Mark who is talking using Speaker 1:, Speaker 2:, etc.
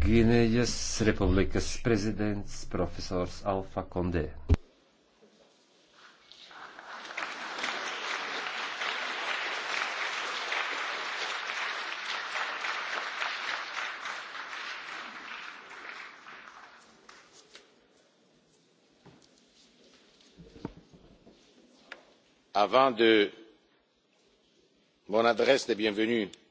Speaker 1: Gvinējas republikas prezidents profesors Alfa Kondē.
Speaker 2: avant mon adresse de bienvenue